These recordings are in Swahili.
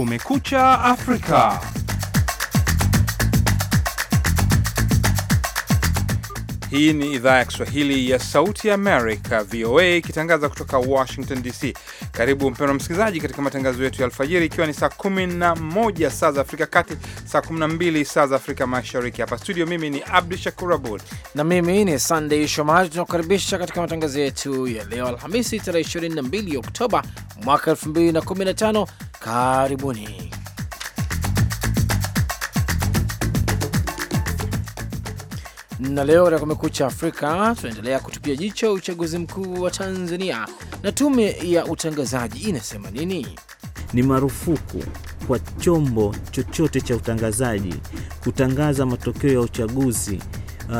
Kumekucha Afrika. Hii ni idhaa ya Kiswahili ya Sauti ya Amerika, VOA, ikitangaza kutoka Washington DC. Karibu mpendwa msikilizaji, katika matangazo yetu ya alfajiri, ikiwa ni saa 11 saa za Afrika Kati, saa 12 saa za Afrika Mashariki. Hapa studio, mimi ni Abdu Shakur Abud na mimi ni Sandey Shomari. Tunakukaribisha katika matangazo yetu ya leo Alhamisi, tarehe 22 Oktoba mwaka 2015. Karibuni. na leo katika Kumekucha Afrika tunaendelea kutupia jicho uchaguzi mkuu wa Tanzania na tume ya utangazaji inasema nini. Ni marufuku kwa chombo chochote cha utangazaji kutangaza matokeo ya uchaguzi uh,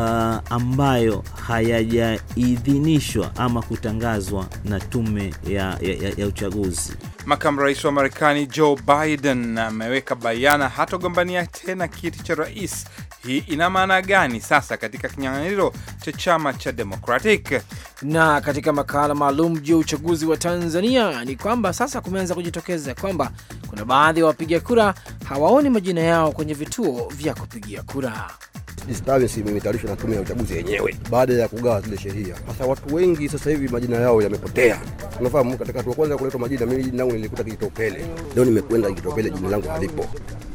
ambayo hayajaidhinishwa ama kutangazwa na tume ya, ya, ya uchaguzi. Makamu rais wa Marekani Joe Biden ameweka bayana hatogombania tena kiti cha rais hii ina maana gani sasa katika kinyang'anyiro cha chama cha Democratic? Na katika makala maalum juu ya uchaguzi wa Tanzania ni kwamba sasa kumeanza kujitokeza kwamba kuna baadhi ya wapiga kura hawaoni majina yao kwenye vituo vya kupigia kura. Disturbance imetayarishwa na tume ya uchaguzi yenyewe baada ya kugawa zile sheria. Sasa watu wengi sasa hivi majina yao yamepotea. Unafahamu, katika hatua kwanza kuleta majina, mimi jina langu nilikuta Kitopele, leo nimekwenda Kitopele, jina langu halipo.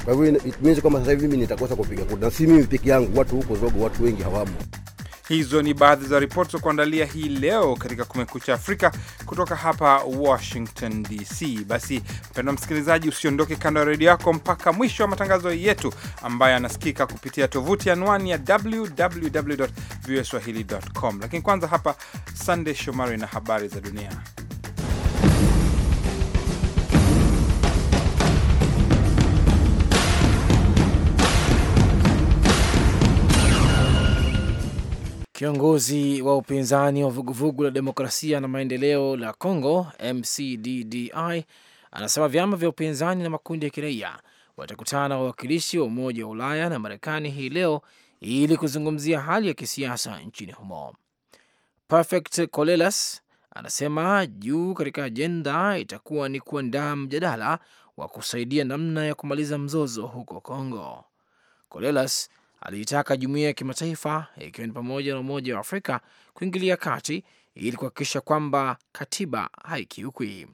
Kwa hivyo it means kwamba sasa hivi mimi nitakosa kupiga kura, na si mimi peke yangu, watu huko Zogo, watu wengi hawamo. Hizo ni baadhi za ripoti za kuandalia hii leo katika Kumekucha Afrika kutoka hapa Washington DC. Basi mpendwa msikilizaji, usiondoke kando ya redio yako mpaka mwisho wa matangazo yetu ambayo yanasikika kupitia tovuti anwani ya www voaswahili.com. Lakini kwanza hapa, Sandey Shomari na habari za dunia. Kiongozi wa upinzani wa vuguvugu la demokrasia na maendeleo la Congo, MCDDI, anasema vyama vya upinzani na makundi ya kiraia watakutana na wawakilishi wa Umoja wa Ulaya na Marekani hii leo ili kuzungumzia hali ya kisiasa nchini humo. Perfect Colelas anasema juu katika ajenda itakuwa ni kuandaa mjadala wa kusaidia namna ya kumaliza mzozo huko Congo. Colelas aliitaka jumuiya ya kimataifa ikiwa ni pamoja na Umoja wa Afrika kuingilia kati ili kuhakikisha kwamba katiba haikiukwi.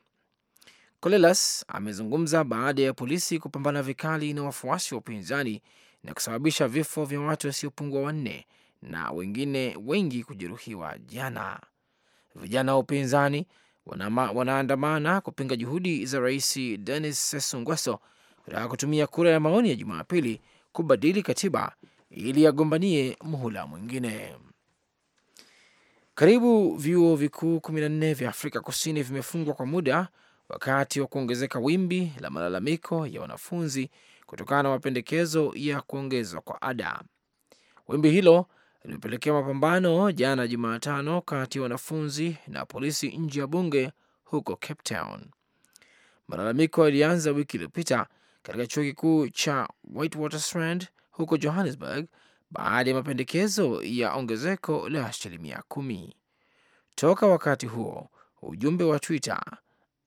Kolelas amezungumza baada ya polisi kupambana vikali na wafuasi wa upinzani na kusababisha vifo vya watu wasiopungua wanne na wengine wengi kujeruhiwa jana. Vijana wa upinzani wanaandamana kupinga juhudi za Rais Denis Sassou Nguesso kutaka kutumia kura ya maoni ya Jumapili kubadili katiba ili agombanie muhula mwingine. Karibu vyuo vikuu 14 vya Afrika Kusini vimefungwa kwa muda wakati wa kuongezeka wimbi la malalamiko ya wanafunzi kutokana na mapendekezo ya kuongezwa kwa ada. Wimbi hilo limepelekea mapambano jana Jumatano kati ya wanafunzi na polisi nje ya bunge huko Cape Town. Malalamiko yalianza wiki iliyopita katika chuo kikuu cha Witwatersrand huko Johannesburg baada ya mapendekezo ya ongezeko la asilimia kumi. Toka wakati huo ujumbe wa Twitter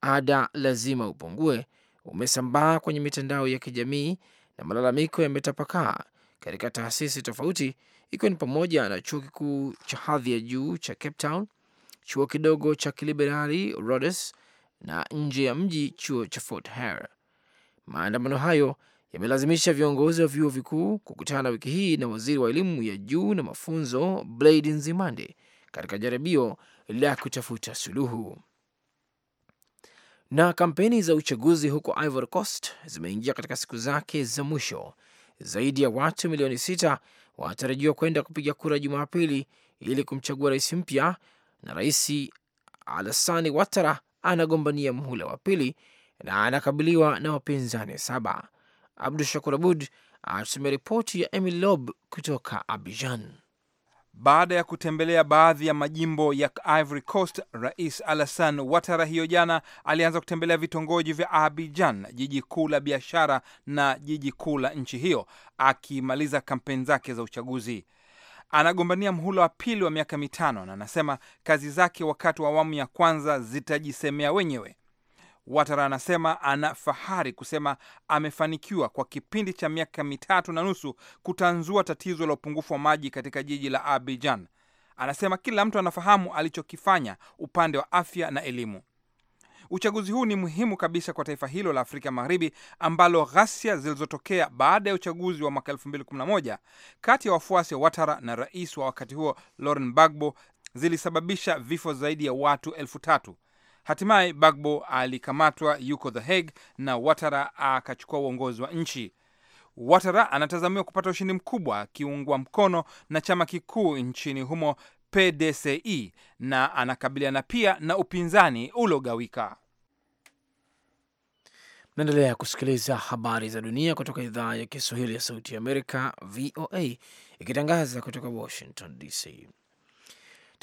ada lazima upungue umesambaa kwenye mitandao ya kijamii na malalamiko yametapakaa katika taasisi tofauti, ikiwa ni pamoja na chuo kikuu cha hadhi ya juu cha Cape Town, chuo kidogo cha kiliberali Rhodes na nje ya mji chuo cha Fort Hare. Maandamano hayo yamelazimisha viongozi wa vyuo vikuu kukutana wiki hii na waziri wa elimu ya juu na mafunzo Blade Nzimande katika jaribio la kutafuta suluhu. Na kampeni za uchaguzi huko Ivory Coast zimeingia katika siku zake za mwisho. Zaidi ya watu milioni sita wanatarajiwa kwenda kupiga kura Jumapili ili kumchagua rais mpya, na rais Alassani Watara anagombania mhula wa pili na anakabiliwa na wapinzani saba. Abdu Shakur Abud anatusomia ripoti ya Emil Lob kutoka Abijan. Baada ya kutembelea baadhi ya majimbo ya Ivory Coast, Rais Alassane Ouattara hiyo jana alianza kutembelea vitongoji vya Abidjan, jiji kuu la biashara na jiji kuu la nchi hiyo, akimaliza kampeni zake za uchaguzi. Anagombania mhula wa pili wa miaka mitano na anasema kazi zake wakati wa awamu ya kwanza zitajisemea wenyewe. Watara anasema ana fahari kusema amefanikiwa kwa kipindi cha miaka mitatu na nusu kutanzua tatizo la upungufu wa maji katika jiji la Abidjan. Anasema kila mtu anafahamu alichokifanya upande wa afya na elimu. Uchaguzi huu ni muhimu kabisa kwa taifa hilo la Afrika Magharibi ambalo ghasia zilizotokea baada ya uchaguzi wa mwaka 2011 kati ya wafuasi wa Watara na rais wa wakati huo loren bagbo zilisababisha vifo zaidi ya watu elfu tatu. Hatimaye Bagbo alikamatwa yuko The Hague na Watara akachukua uongozi wa nchi. Watara anatazamiwa kupata ushindi mkubwa akiungwa mkono na chama kikuu nchini humo PDCI, e, na anakabiliana pia na upinzani uliogawika. Naendelea kusikiliza habari za dunia kutoka idhaa ya Kiswahili ya Sauti ya Amerika, VOA, ikitangaza kutoka Washington DC.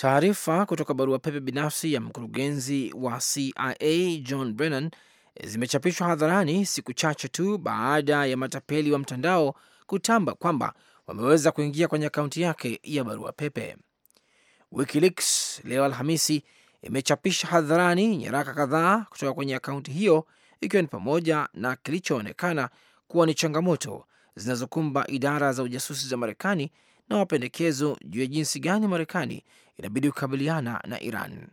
Taarifa kutoka barua pepe binafsi ya mkurugenzi wa CIA John Brennan zimechapishwa hadharani siku chache tu baada ya matapeli wa mtandao kutamba kwamba wameweza kuingia kwenye akaunti yake ya barua pepe. WikiLeaks leo Alhamisi imechapisha hadharani nyaraka kadhaa kutoka kwenye akaunti hiyo ikiwa ni pamoja na kilichoonekana kuwa ni changamoto zinazokumba idara za ujasusi za Marekani na mapendekezo juu ya jinsi gani Marekani inabidi kukabiliana na Iran.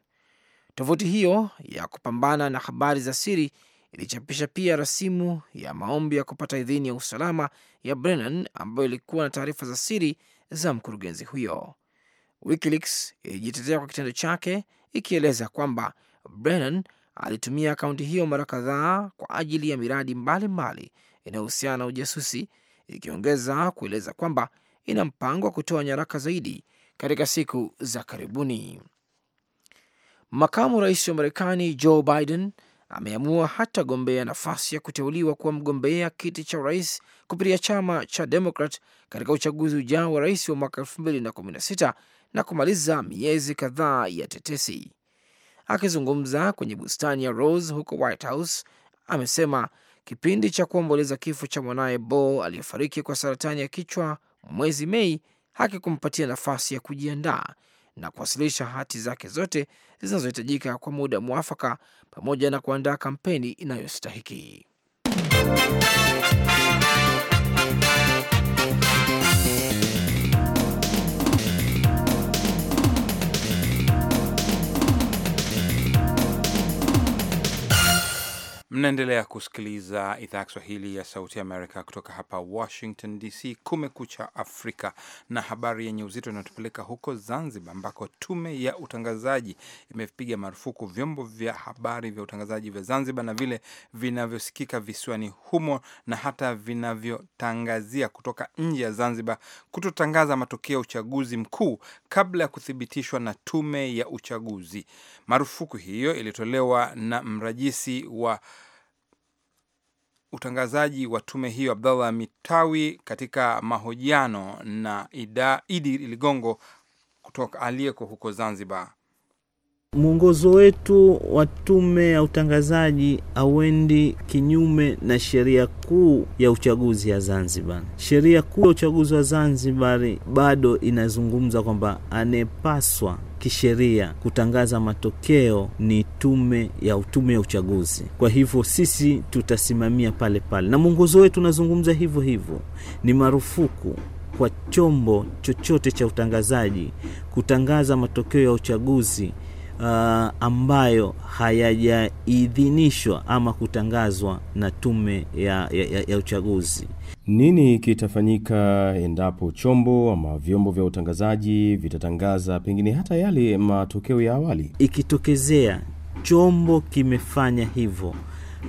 Tovuti hiyo ya kupambana na habari za siri ilichapisha pia rasimu ya maombi ya kupata idhini ya usalama ya Brennan ambayo ilikuwa na taarifa za siri za mkurugenzi huyo. WikiLeaks ilijitetea kwa kitendo chake ikieleza kwamba Brennan alitumia akaunti hiyo mara kadhaa kwa ajili ya miradi mbalimbali inayohusiana na ujasusi, ikiongeza kueleza kwamba ina mpango wa kutoa nyaraka zaidi katika siku za karibuni. Makamu rais wa Marekani Joe Biden ameamua hatagombea nafasi ya kuteuliwa kuwa mgombea kiti cha rais kupitia chama cha Demokrat katika uchaguzi ujao wa rais wa mwaka 2016 na, na kumaliza miezi kadhaa ya tetesi. Akizungumza kwenye bustani ya Rose huko White House, amesema kipindi cha kuomboleza kifo cha mwanaye Bo aliyefariki kwa saratani ya kichwa mwezi Mei hakikumpatia nafasi ya kujiandaa na kuwasilisha hati zake zote zinazohitajika kwa muda mwafaka pamoja na kuandaa kampeni inayostahiki. Mnaendelea kusikiliza idhaa ya Kiswahili ya Sauti Amerika kutoka hapa Washington DC. Kumekucha Afrika na habari yenye uzito inayotupeleka huko Zanzibar, ambako tume ya utangazaji imepiga marufuku vyombo vya habari vya utangazaji vya Zanzibar na vile vinavyosikika visiwani humo na hata vinavyotangazia kutoka nje ya Zanzibar kutotangaza matokeo ya uchaguzi mkuu kabla ya kuthibitishwa na tume ya uchaguzi. Marufuku hiyo ilitolewa na mrajisi wa utangazaji wa tume hiyo Abdallah Mitawi katika mahojiano na Ida, Idi Ligongo kutoka aliyeko huko Zanzibar. Mwongozo wetu wa tume ya utangazaji hauendi kinyume na sheria kuu ya uchaguzi ya Zanzibar. Sheria kuu ya uchaguzi wa Zanzibar bado inazungumza kwamba anayepaswa kisheria kutangaza matokeo ni tume ya utume ya uchaguzi. Kwa hivyo sisi tutasimamia pale pale, na mwongozo wetu unazungumza hivyo hivyo, ni marufuku kwa chombo chochote cha utangazaji kutangaza matokeo ya uchaguzi uh, ambayo hayajaidhinishwa ama kutangazwa na tume ya, ya, ya uchaguzi. Nini kitafanyika endapo chombo ama vyombo vya utangazaji vitatangaza pengine hata yale matokeo ya awali? Ikitokezea chombo kimefanya hivyo,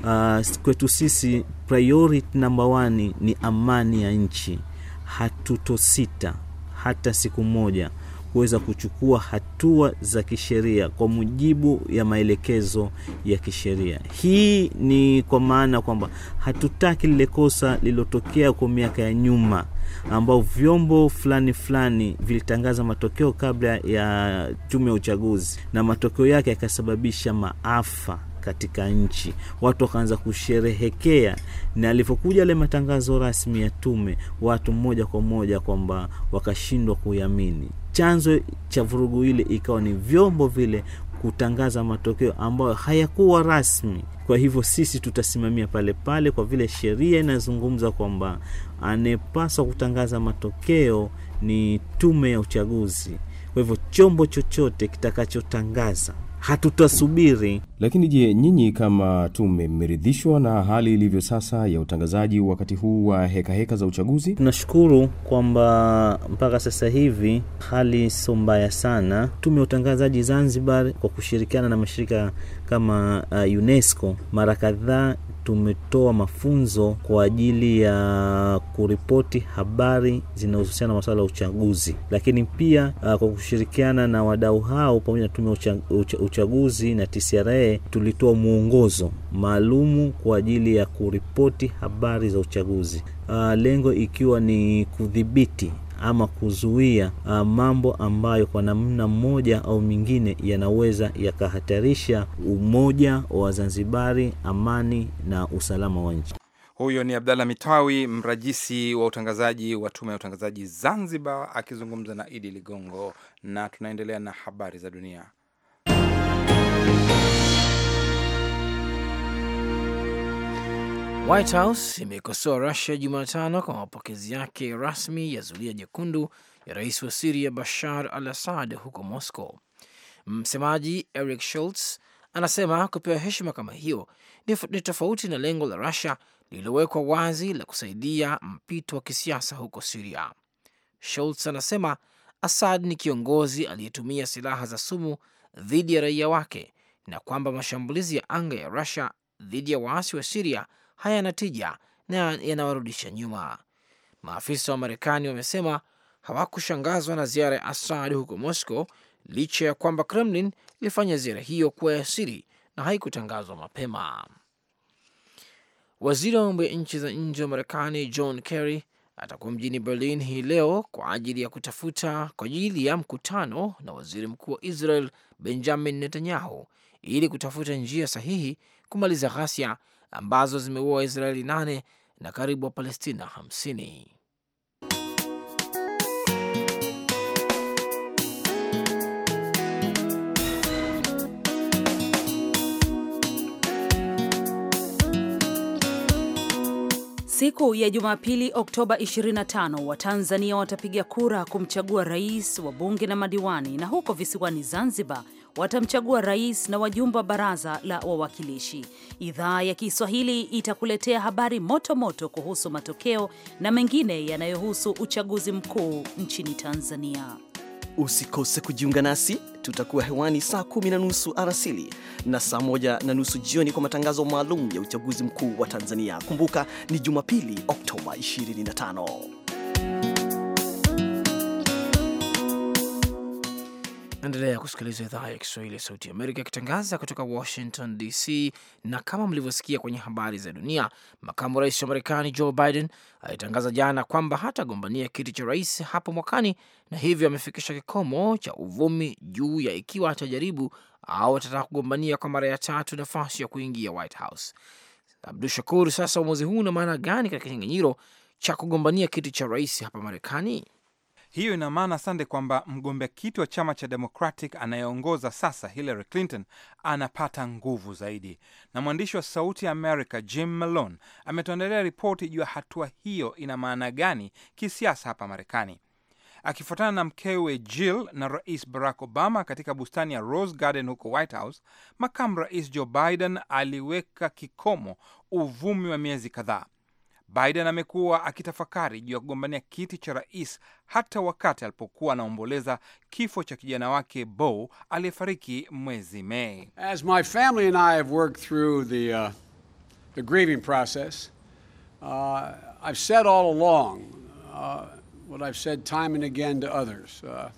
uh, kwetu sisi priority number one ni amani ya nchi. Hatutosita hata siku moja kuweza kuchukua hatua za kisheria kwa mujibu ya maelekezo ya kisheria. Hii ni kwa maana kwamba hatutaki lile kosa lililotokea kwa miaka ya nyuma ambao vyombo fulani fulani vilitangaza matokeo kabla ya tume ya uchaguzi na matokeo yake yakasababisha maafa katika nchi, watu wakaanza kusherehekea. Na alivyokuja ale matangazo rasmi ya tume, watu moja kwa moja kwamba wakashindwa kuiamini. Chanzo cha vurugu ile ikawa ni vyombo vile kutangaza matokeo ambayo hayakuwa rasmi. Kwa hivyo sisi tutasimamia pale pale, kwa vile sheria inazungumza kwamba anayepaswa kutangaza matokeo ni tume ya uchaguzi. Kwa hivyo chombo chochote kitakachotangaza hatutasubiri. Lakini je, nyinyi kama tume mmeridhishwa na hali ilivyo sasa ya utangazaji wakati huu wa hekaheka heka za uchaguzi? Tunashukuru kwamba mpaka sasa hivi hali sio mbaya sana. Tume ya utangazaji Zanzibar kwa kushirikiana na mashirika kama uh, UNESCO mara kadhaa tumetoa mafunzo kwa ajili ya kuripoti habari zinazohusiana na masuala ya uchaguzi, lakini pia uh, kwa kushirikiana na wadau hao pamoja na tume ya uchaguzi na TCRA tulitoa mwongozo maalumu kwa ajili ya kuripoti habari za uchaguzi, uh, lengo ikiwa ni kudhibiti ama kuzuia uh, mambo ambayo kwa namna mmoja au mingine yanaweza yakahatarisha umoja wa zanzibari amani na usalama wa nchi. Huyo ni Abdalla Mitawi, mrajisi wa utangazaji wa Tume ya Utangazaji Zanzibar, akizungumza na Idi Ligongo. Na tunaendelea na habari za dunia. White House imekosoa Rusia Jumatano kwa mapokezi yake rasmi ya zulia jekundu ya rais wa Siria Bashar al Assad huko Moscow. Msemaji Eric Schultz anasema kupewa heshima kama hiyo ni tofauti na lengo la Rusia lililowekwa wazi la kusaidia mpito wa kisiasa huko Siria. Schultz anasema Assad ni kiongozi aliyetumia silaha za sumu dhidi ya raia wake na kwamba mashambulizi ya anga ya Rusia dhidi ya waasi wa Siria hayana tija na yanawarudisha nyuma. Maafisa wa Marekani wamesema hawakushangazwa na ziara ya Assad huko Moscow licha ya kwamba Kremlin ilifanya ziara hiyo kuwa ya siri na haikutangazwa mapema. Waziri wa mambo ya nchi za nje wa Marekani John Kerry atakuwa mjini Berlin hii leo kwa ajili ya kutafuta kwa ajili ya mkutano na waziri mkuu wa Israel Benjamin Netanyahu ili kutafuta njia sahihi kumaliza ghasia ambazo zimeua Waisraeli nane na karibu Wapalestina hamsini. Siku ya Jumapili, Oktoba 25, Watanzania watapiga kura kumchagua rais, wabunge na madiwani. Na huko visiwani Zanzibar, watamchagua rais na wajumbe wa baraza la wawakilishi. Idhaa ya Kiswahili itakuletea habari moto moto kuhusu matokeo na mengine yanayohusu uchaguzi mkuu nchini Tanzania. Usikose kujiunga nasi, tutakuwa hewani saa kumi na nusu arasili na saa moja na nusu jioni kwa matangazo maalum ya uchaguzi mkuu wa Tanzania. Kumbuka ni Jumapili, Oktoba 25. Naendelea kusikiliza idhaa ya Kiswahili ya Sauti Amerika ikitangaza kutoka Washington DC. Na kama mlivyosikia kwenye habari za dunia, makamu rais wa Marekani Joe Biden alitangaza jana kwamba hatagombania kiti cha rais hapo mwakani, na hivyo amefikisha kikomo cha uvumi juu ya ikiwa atajaribu au atataka kugombania kwa mara ya tatu nafasi ya kuingia White House. Abdu Shakur, sasa uamuzi huu una maana gani katika kinyang'anyiro cha kugombania kiti cha rais hapa Marekani? Hiyo ina maana Sande, kwamba mgombea kiti wa chama cha Democratic anayeongoza sasa Hillary Clinton anapata nguvu zaidi. Na mwandishi wa Sauti ya America Jim Malone ametuandalia ripoti juu ya hatua hiyo ina maana gani kisiasa hapa Marekani. Akifuatana na mkewe Jill na Rais Barack Obama katika bustani ya Rose Garden huko White House, makamu rais Joe Biden aliweka kikomo uvumi wa miezi kadhaa Biden amekuwa akitafakari juu ya kugombania kiti cha rais hata wakati alipokuwa anaomboleza kifo cha kijana wake bo aliyefariki mwezi Mei. As my family and I have worked through the, uh, the grieving process, uh, I've said all along uh, what I've said time and again to others. Uh,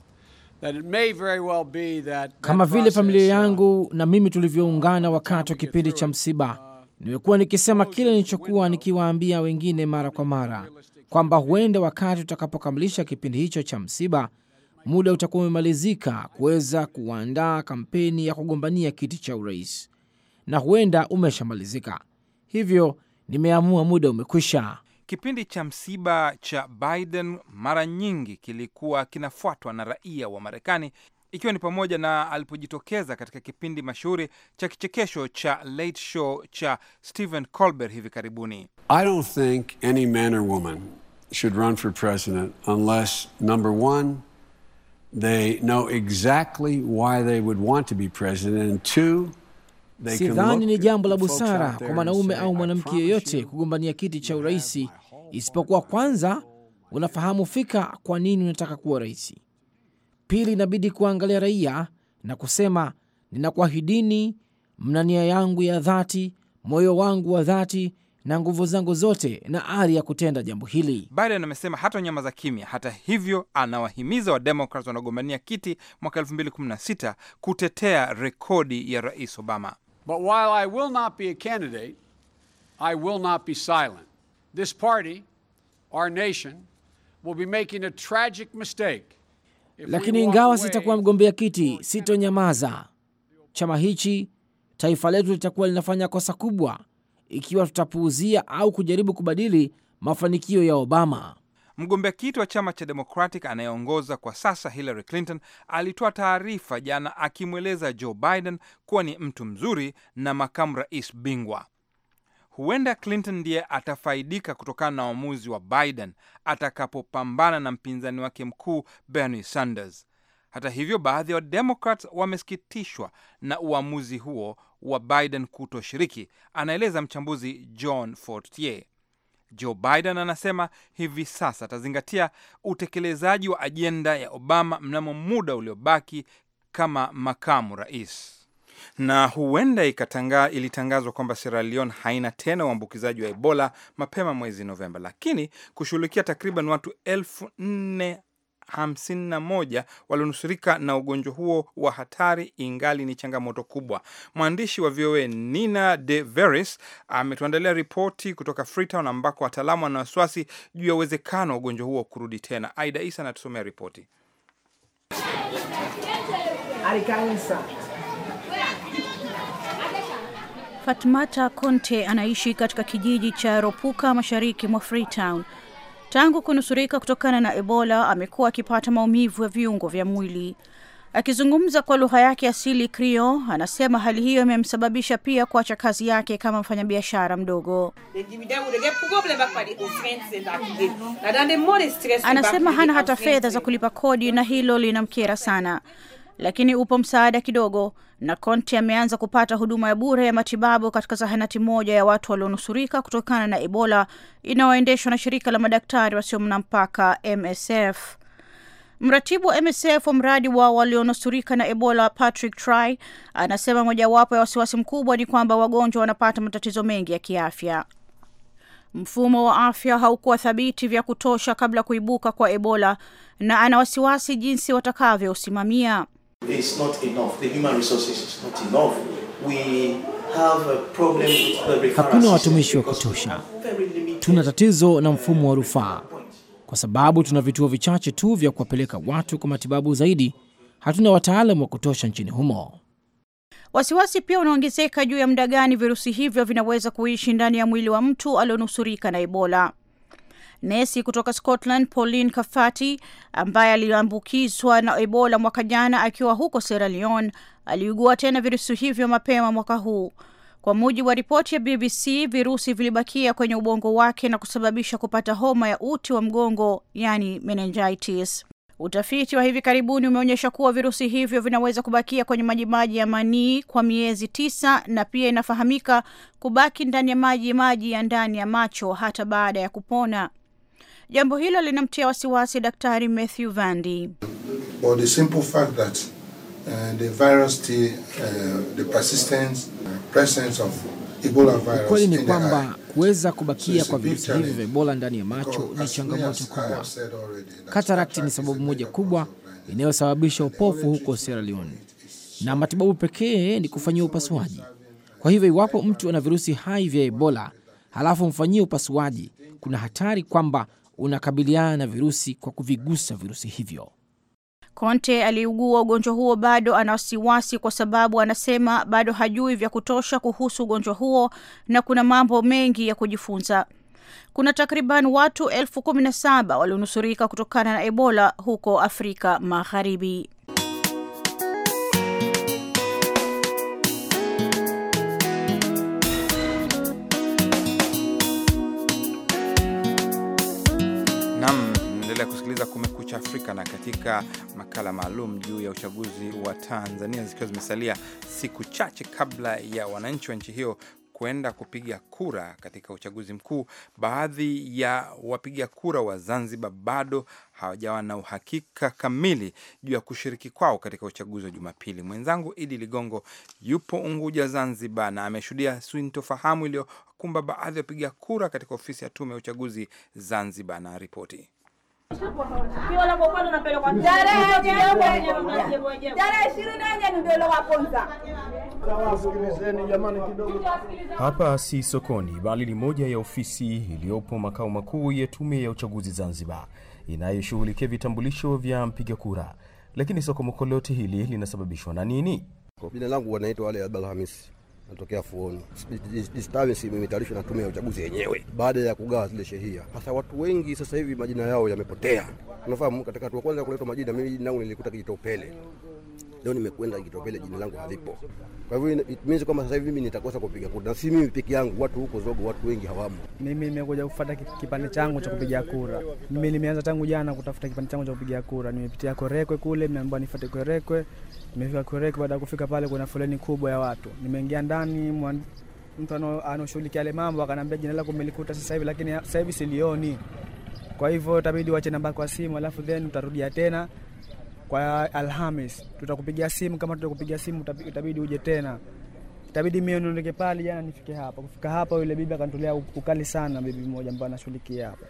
That it may very well be that kama vile familia uh, yangu na mimi tulivyoungana wakati wa kipindi cha msiba uh, Nimekuwa nikisema kile nilichokuwa nikiwaambia wengine mara kwa mara kwamba huenda wakati utakapokamilisha kipindi hicho cha msiba, muda utakuwa umemalizika kuweza kuandaa kampeni ya kugombania kiti cha urais, na huenda umeshamalizika. Hivyo nimeamua muda umekwisha. Kipindi cha msiba cha Biden mara nyingi kilikuwa kinafuatwa na raia wa Marekani ikiwa ni pamoja na alipojitokeza katika kipindi mashuhuri cha kichekesho cha Late Show cha Stephen Colbert hivi karibuni. I don't think any man or woman should run for president unless number one they know exactly why they would want to be president and two Sidhani ni jambo la busara kwa mwanaume au mwanamke yeyote kugombania kiti cha uraisi isipokuwa kwanza unafahamu fika kwa nini unataka kuwa raisi. Pili, inabidi kuangalia raia na kusema, ninakuahidini, mna nia yangu ya dhati, moyo wangu wa dhati na nguvu zangu zote na ari ya kutenda jambo hili. Biden amesema hata nyama za kimya. Hata hivyo, anawahimiza Wademokrat wanaogombania kiti mwaka 216 kutetea rekodi ya Rais Obama. But while I will not be a candidate, I will not be silent. This party, our nation, will be making a tragic mistake lakini ingawa sitakuwa mgombea kiti, sitonyamaza. Chama hichi, taifa letu litakuwa linafanya kosa kubwa ikiwa tutapuuzia au kujaribu kubadili mafanikio ya Obama. Mgombea kiti wa chama cha Democratic anayeongoza kwa sasa Hillary Clinton alitoa taarifa jana akimweleza Joe Biden kuwa ni mtu mzuri na makamu rais bingwa. Huenda Clinton ndiye atafaidika kutokana na uamuzi wa Biden atakapopambana na mpinzani wake mkuu Bernie Sanders. Hata hivyo, baadhi ya wa Democrats wamesikitishwa na uamuzi huo wa Biden kutoshiriki, anaeleza mchambuzi John Fortier. Joe Biden anasema hivi sasa atazingatia utekelezaji wa ajenda ya Obama mnamo muda uliobaki kama makamu rais na huenda ikatanga, ilitangazwa kwamba Sierra Leone haina tena uambukizaji wa Ebola mapema mwezi Novemba, lakini kushughulikia takriban watu elfu nne hamsini na moja walionusurika na ugonjwa huo wa hatari ingali ni changamoto kubwa. Mwandishi wa VOA Nina de Veris ametuandalia ripoti kutoka Freetown ambako wataalamu wana wasiwasi juu ya uwezekano wa ugonjwa huo kurudi tena. Aida Isa anatusomea ripoti. Fatmata Konte anaishi katika kijiji cha Ropuka mashariki mwa Freetown. Tangu kunusurika kutokana na Ebola, amekuwa akipata maumivu ya viungo vya mwili. Akizungumza kwa lugha yake asili Krio, anasema hali hiyo imemsababisha pia kuacha kazi yake kama mfanyabiashara mdogo. Anasema hana hata fedha za kulipa kodi na hilo linamkera sana lakini upo msaada kidogo, na Konti ameanza kupata huduma ya bure ya matibabu katika zahanati moja ya watu walionusurika kutokana na Ebola inayoendeshwa na shirika la madaktari wasio na mpaka MSF. Mratibu wa MSF wa mradi wa walionusurika na Ebola, Patrick Try, anasema mojawapo ya wasiwasi mkubwa ni kwamba wagonjwa wanapata matatizo mengi ya kiafya. Mfumo wa afya haukuwa thabiti vya kutosha kabla kuibuka kwa Ebola, na ana wasiwasi jinsi watakavyosimamia is not enough. The human resources is not enough. We have a problem with the referral. Hakuna watumishi wa kutosha. Tuna tatizo na mfumo wa rufaa kwa sababu tuna vituo vichache tu vya kuwapeleka watu kwa matibabu zaidi. Hatuna wataalamu wa kutosha nchini humo. Wasiwasi pia unaongezeka juu ya muda gani virusi hivyo vinaweza kuishi ndani ya mwili wa mtu alionusurika na Ebola. Nesi kutoka Scotland Pauline Kafati ambaye aliambukizwa na Ebola mwaka jana akiwa huko Sierra Leone aliugua tena virusi hivyo mapema mwaka huu. Kwa mujibu wa ripoti ya BBC, virusi vilibakia kwenye ubongo wake na kusababisha kupata homa ya uti wa mgongo, yani meningitis. Utafiti wa hivi karibuni umeonyesha kuwa virusi hivyo vinaweza kubakia kwenye majimaji ya manii kwa miezi tisa, na pia inafahamika kubaki ndani ya maji maji ya ndani ya macho hata baada ya kupona. Jambo hilo linamtia wasiwasi Daktari Matthew Vandi. Uh, uh, Ukweli ni kwamba kuweza kubakia so kwa virusi hivi vya Ebola ndani ya macho ni changamoto kubwa. Katarakti ni sababu moja kubwa inayosababisha upofu huko Sierra Leone, na matibabu pekee ni kufanyia upasuaji. Kwa hivyo iwapo mtu ana virusi hai vya Ebola halafu mfanyie upasuaji, kuna hatari kwamba unakabiliana na virusi kwa kuvigusa virusi hivyo. Conte aliugua ugonjwa huo, bado ana wasiwasi kwa sababu anasema bado hajui vya kutosha kuhusu ugonjwa huo na kuna mambo mengi ya kujifunza. Kuna takriban watu elfu kumi na saba walionusurika kutokana na Ebola huko Afrika Magharibi. Afrika na katika makala maalum juu ya uchaguzi wa Tanzania zikiwa zimesalia siku chache kabla ya wananchi wa nchi hiyo kwenda kupiga kura katika uchaguzi mkuu. Baadhi ya wapiga kura wa Zanzibar bado hawajawa na uhakika kamili juu ya kushiriki kwao katika uchaguzi wa Jumapili. Mwenzangu Idi Ligongo yupo Unguja, Zanzibar, na ameshuhudia sintofahamu iliyokumba baadhi ya wapiga kura katika ofisi ya tume ya uchaguzi Zanzibar na ripoti hapa si sokoni bali ni moja ya ofisi iliyopo makao makuu ya Tume ya Uchaguzi Zanzibar inayoshughulikia vitambulisho vya mpiga kura. Lakini sokomoko lote hili linasababishwa na nini? Jina langu wanaitwa Ali Abdalhamisi natokea Fuoni. Disturbance imetayarishwa na tume ya uchaguzi yenyewe baada ya kugawa zile shehia. Hasa watu wengi sasa hivi majina yao yamepotea, unafahamu. Katika hatua kwanza kuletwa majina, mimi jina langu nilikuta Kijitopele Leo nimekwenda Kitopele, jina langu halipo. Kwa hivyo it means kwamba sasa hivi mimi nitakosa kupiga kura, na si mimi peke yangu, watu huko Zogo, watu wengi hawamo. Mimi nimekuja kufuata kipande changu cha kupiga kura. Mimi nimeanza tangu jana kutafuta kipande changu cha kupiga kura. Nimepitia Korekwe kule, nimeambiwa nifuate Korekwe. Nimefika Korekwe, baada ya kufika pale kuna foleni kubwa ya watu. Nimeingia ndani mwan... mtu anaoshughulikia yale mambo akanambia jina lako umelikuta sasa hivi, lakini sasa hivi silioni. Kwa hivyo itabidi uache namba kwa simu, alafu then utarudia tena kwa Alhamis tutakupigia simu, kama tutakupigia simu itabidi uje tena, itabidi mimi niondoke pale. Jana nifike hapa, kufika hapa yule bibi akanitolea ukali sana, bibi mmoja ambaye anashughulikia hapa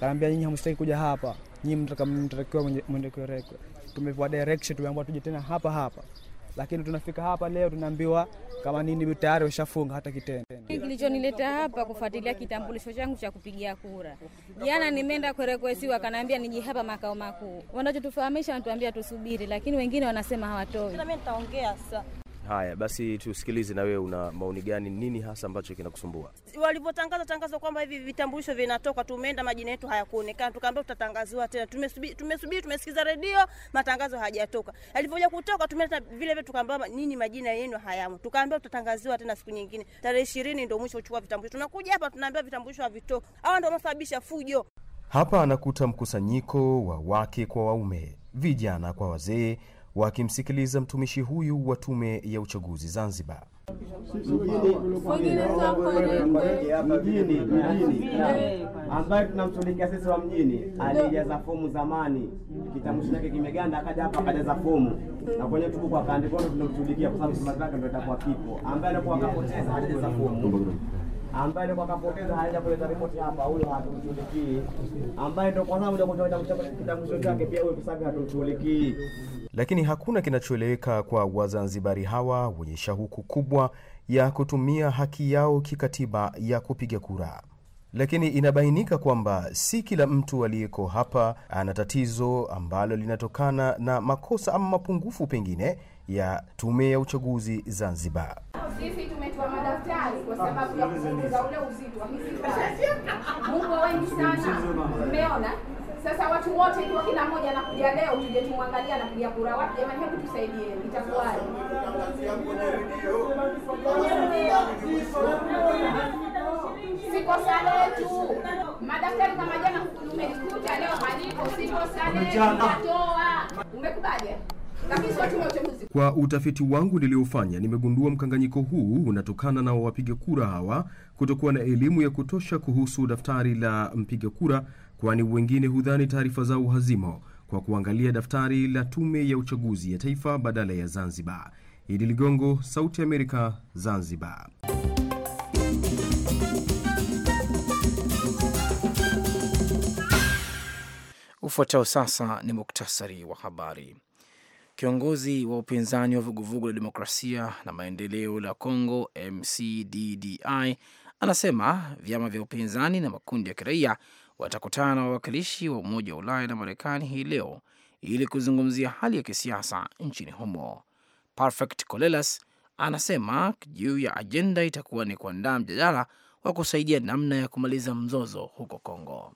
kaniambia, nyinyi hamstaki kuja hapa, nyinyi mtakamtakiwa mwende Kwerekwe. Tumepewa direction, tumeambiwa tuje tena hapa hapa lakini tunafika hapa leo tunaambiwa kama nini tayari ushafunga hata kitendo. Kilichonileta hapa kufuatilia kitambulisho changu cha kupigia kura. Jana nimeenda kurekwesiwa, kanaambia niji hapa makao makuu. Wanachotufahamisha wanatuambia tusubiri, lakini wengine wanasema hawatoi. Mimi nitaongea sasa. Haya basi, tusikilize na wewe, una maoni gani? Nini hasa ambacho kinakusumbua? Walivyotangaza tangazo kwamba hivi vitambulisho vinatoka, tumeenda majina yetu hayakuonekana, tukaambia tutatangaziwa tena. Tumesubiri, tumesubi, tumesikiza redio, matangazo hayajatoka. Alivyokuja kutoka, tumeleta vile vile, tukaambia nini, majina yenu hayamo, tukaambia tutatangaziwa tena siku nyingine, tarehe ishirini ndio mwisho uchukua vitambulisho. Tunakuja hapa tunaambia vitambulisho havitoki. Hawa ndio wanasababisha fujo hapa. Anakuta mkusanyiko wa wake kwa waume, vijana kwa wazee wakimsikiliza mtumishi huyu wa Tume ya Uchaguzi Zanzibar. Mjini ambayo tunamshughulikia sisi wa mjini, alijaza fomu zamani, kitambulisho chake kimeganda, akaja hapa akajaza fomu na kwenye tuku kwa akaandikwa, tunamshughulikia kwa sababu chama zake ndio itakuwa kipo, ambaye alikuwa akapoteza hajaza fomu ambaye ndio kakapoteza haja kuleta ripoti hapa, huyo hatumshughulikii. Ambaye ndio kwa sababu ndio kutoa kitambulisho chake, pia huyo kwa sababu hatumshughulikii lakini hakuna kinachoeleweka kwa Wazanzibari hawa wenye shauku kubwa ya kutumia haki yao kikatiba ya kupiga kura. Lakini inabainika kwamba si kila mtu aliyeko hapa ana tatizo ambalo linatokana na makosa ama mapungufu pengine ya Tume ya Uchaguzi Zanzibar. Sisi tumetoa madaftari kwa sababu ya ule uzito wa Mungu wengi sana, mmeona sasa watu wote ikiwa kila mmoja anakuja leo, tuje tumwangalia na anapiga kura wapi? Jamani, hebu tusaidie, itakuwaje? Si kosa letu madaftari kama jana umelikuta, leo haliko, si kosa letu, natoa. Umekubali kwa utafiti wangu niliofanya nimegundua mkanganyiko huu unatokana na wapiga kura hawa kutokuwa na elimu ya kutosha kuhusu daftari la mpiga kura kwani wengine hudhani taarifa zao hazimo kwa kuangalia daftari la Tume ya Uchaguzi ya Taifa badala ya Zanzibar. Idi Ligongo, Sauti ya Amerika, Zanzibar. Ufuatao sasa ni muktasari wa habari. Kiongozi wa upinzani wa vuguvugu la demokrasia na maendeleo la Congo, MCDDI, anasema vyama vya upinzani na makundi ya kiraia watakutana na wawakilishi wa Umoja wa Ulaya na Marekani hii leo ili kuzungumzia hali ya kisiasa nchini humo. Perfect Colelas anasema juu ya ajenda itakuwa ni kuandaa mjadala wa kusaidia namna ya kumaliza mzozo huko Kongo.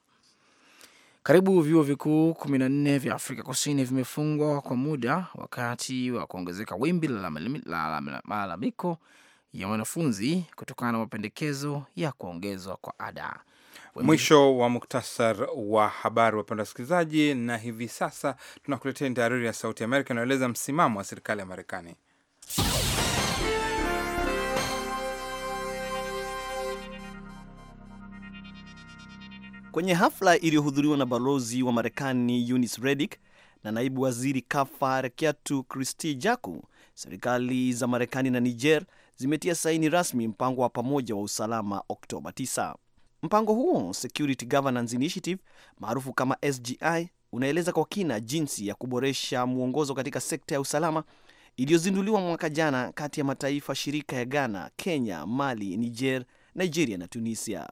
Karibu vyuo vikuu kumi na nne vya Afrika Kusini vimefungwa kwa muda wakati wa kuongezeka wimbi la malalamiko ya wanafunzi kutokana na mapendekezo ya kuongezwa kwa ada. Mwisho wa muktasar wa habari, wapenda wasikilizaji, na hivi sasa tunakuletea tahariri ya Sauti Amerika inayoeleza msimamo wa serikali ya Marekani. Kwenye hafla iliyohudhuriwa na balozi wa Marekani Eunice Redick na naibu waziri Kafa Rekiatu Christi Jaku, serikali za Marekani na Niger zimetia saini rasmi mpango wa pamoja wa usalama Oktoba 9. Mpango huo Security Governance Initiative maarufu kama SGI unaeleza kwa kina jinsi ya kuboresha mwongozo katika sekta ya usalama iliyozinduliwa mwaka jana kati ya mataifa shirika ya Ghana, Kenya, Mali, Niger, Nigeria na Tunisia.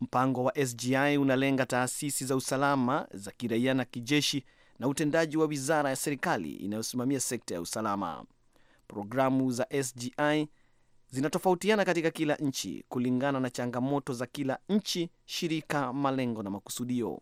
Mpango wa SGI unalenga taasisi za usalama za kiraia na kijeshi na utendaji wa wizara ya serikali inayosimamia sekta ya usalama. Programu za SGI zinatofautiana katika kila nchi kulingana na changamoto za kila nchi, shirika, malengo na makusudio.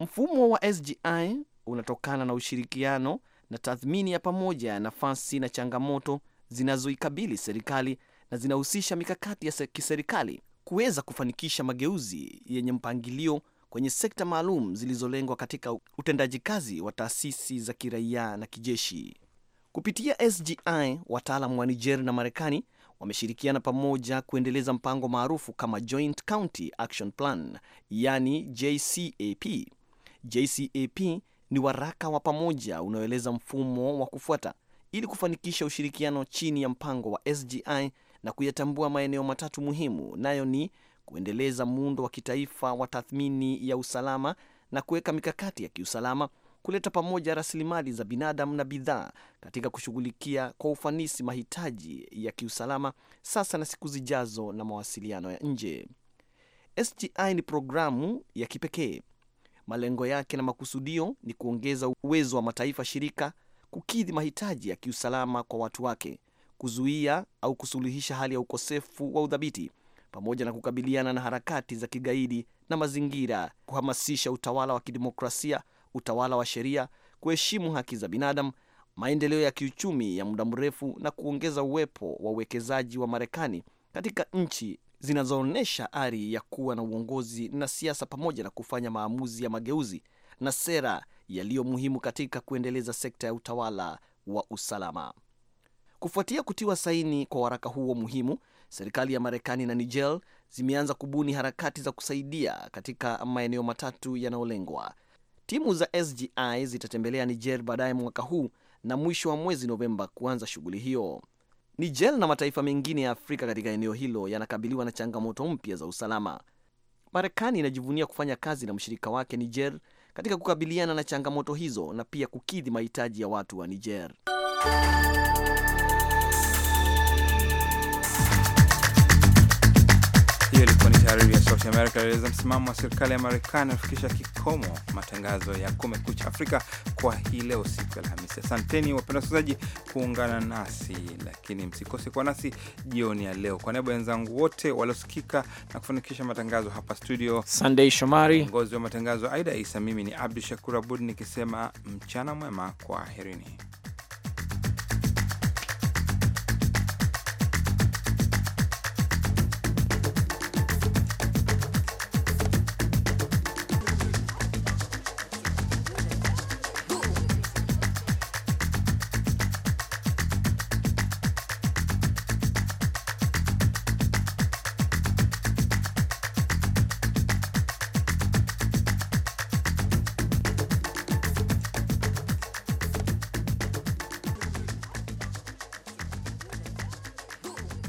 Mfumo wa SGI unatokana na ushirikiano na tathmini ya pamoja ya nafasi na changamoto zinazoikabili serikali na zinahusisha mikakati ya kiserikali kuweza kufanikisha mageuzi yenye mpangilio kwenye sekta maalum zilizolengwa katika utendaji kazi wa taasisi za kiraia na kijeshi. Kupitia SGI, wataalamu wa Niger na Marekani wameshirikiana pamoja kuendeleza mpango maarufu kama Joint County Action Plan, yani JCAP. JCAP ni waraka wa pamoja unaoeleza mfumo wa kufuata ili kufanikisha ushirikiano chini ya mpango wa SGI na kuyatambua maeneo matatu muhimu, nayo ni kuendeleza muundo wa kitaifa wa tathmini ya usalama na kuweka mikakati ya kiusalama, kuleta pamoja rasilimali za binadamu na bidhaa katika kushughulikia kwa ufanisi mahitaji ya kiusalama sasa na siku zijazo na mawasiliano ya nje. SGI ni programu ya kipekee. Malengo yake na makusudio ni kuongeza uwezo wa mataifa shirika kukidhi mahitaji ya kiusalama kwa watu wake, kuzuia au kusuluhisha hali ya ukosefu wa udhabiti, pamoja na kukabiliana na harakati za kigaidi na mazingira, kuhamasisha utawala wa kidemokrasia utawala wa sheria, kuheshimu haki za binadamu, maendeleo ya kiuchumi ya muda mrefu na kuongeza uwepo wa uwekezaji wa Marekani katika nchi zinazoonyesha ari ya kuwa na uongozi na siasa pamoja na kufanya maamuzi ya mageuzi na sera yaliyo muhimu katika kuendeleza sekta ya utawala wa usalama. Kufuatia kutiwa saini kwa waraka huo muhimu, serikali ya Marekani na Niger zimeanza kubuni harakati za kusaidia katika maeneo matatu yanayolengwa: Timu za SGI zitatembelea Niger baadaye mwaka huu na mwisho wa mwezi Novemba kuanza shughuli hiyo. Niger na mataifa mengine ya Afrika katika eneo hilo yanakabiliwa na changamoto mpya za usalama. Marekani inajivunia kufanya kazi na mshirika wake Niger katika kukabiliana na changamoto hizo na pia kukidhi mahitaji ya watu wa Niger. Taarifa ya Sauti Amerika ilieleza msimamo wa serikali ya Marekani anafikisha kikomo matangazo ya Kumekucha Afrika kwa hii leo, siku ya Alhamisi. Asanteni wapenda wasikilizaji kuungana nasi, lakini msikose kwa nasi jioni ya leo. Kwa niaba ya wenzangu wote waliosikika na kufanikisha matangazo hapa studio, Sandei Shomari ongozi wa matangazo, Aida Isa, mimi ni Abdu Shakur Abud nikisema mchana mwema, kwa herini.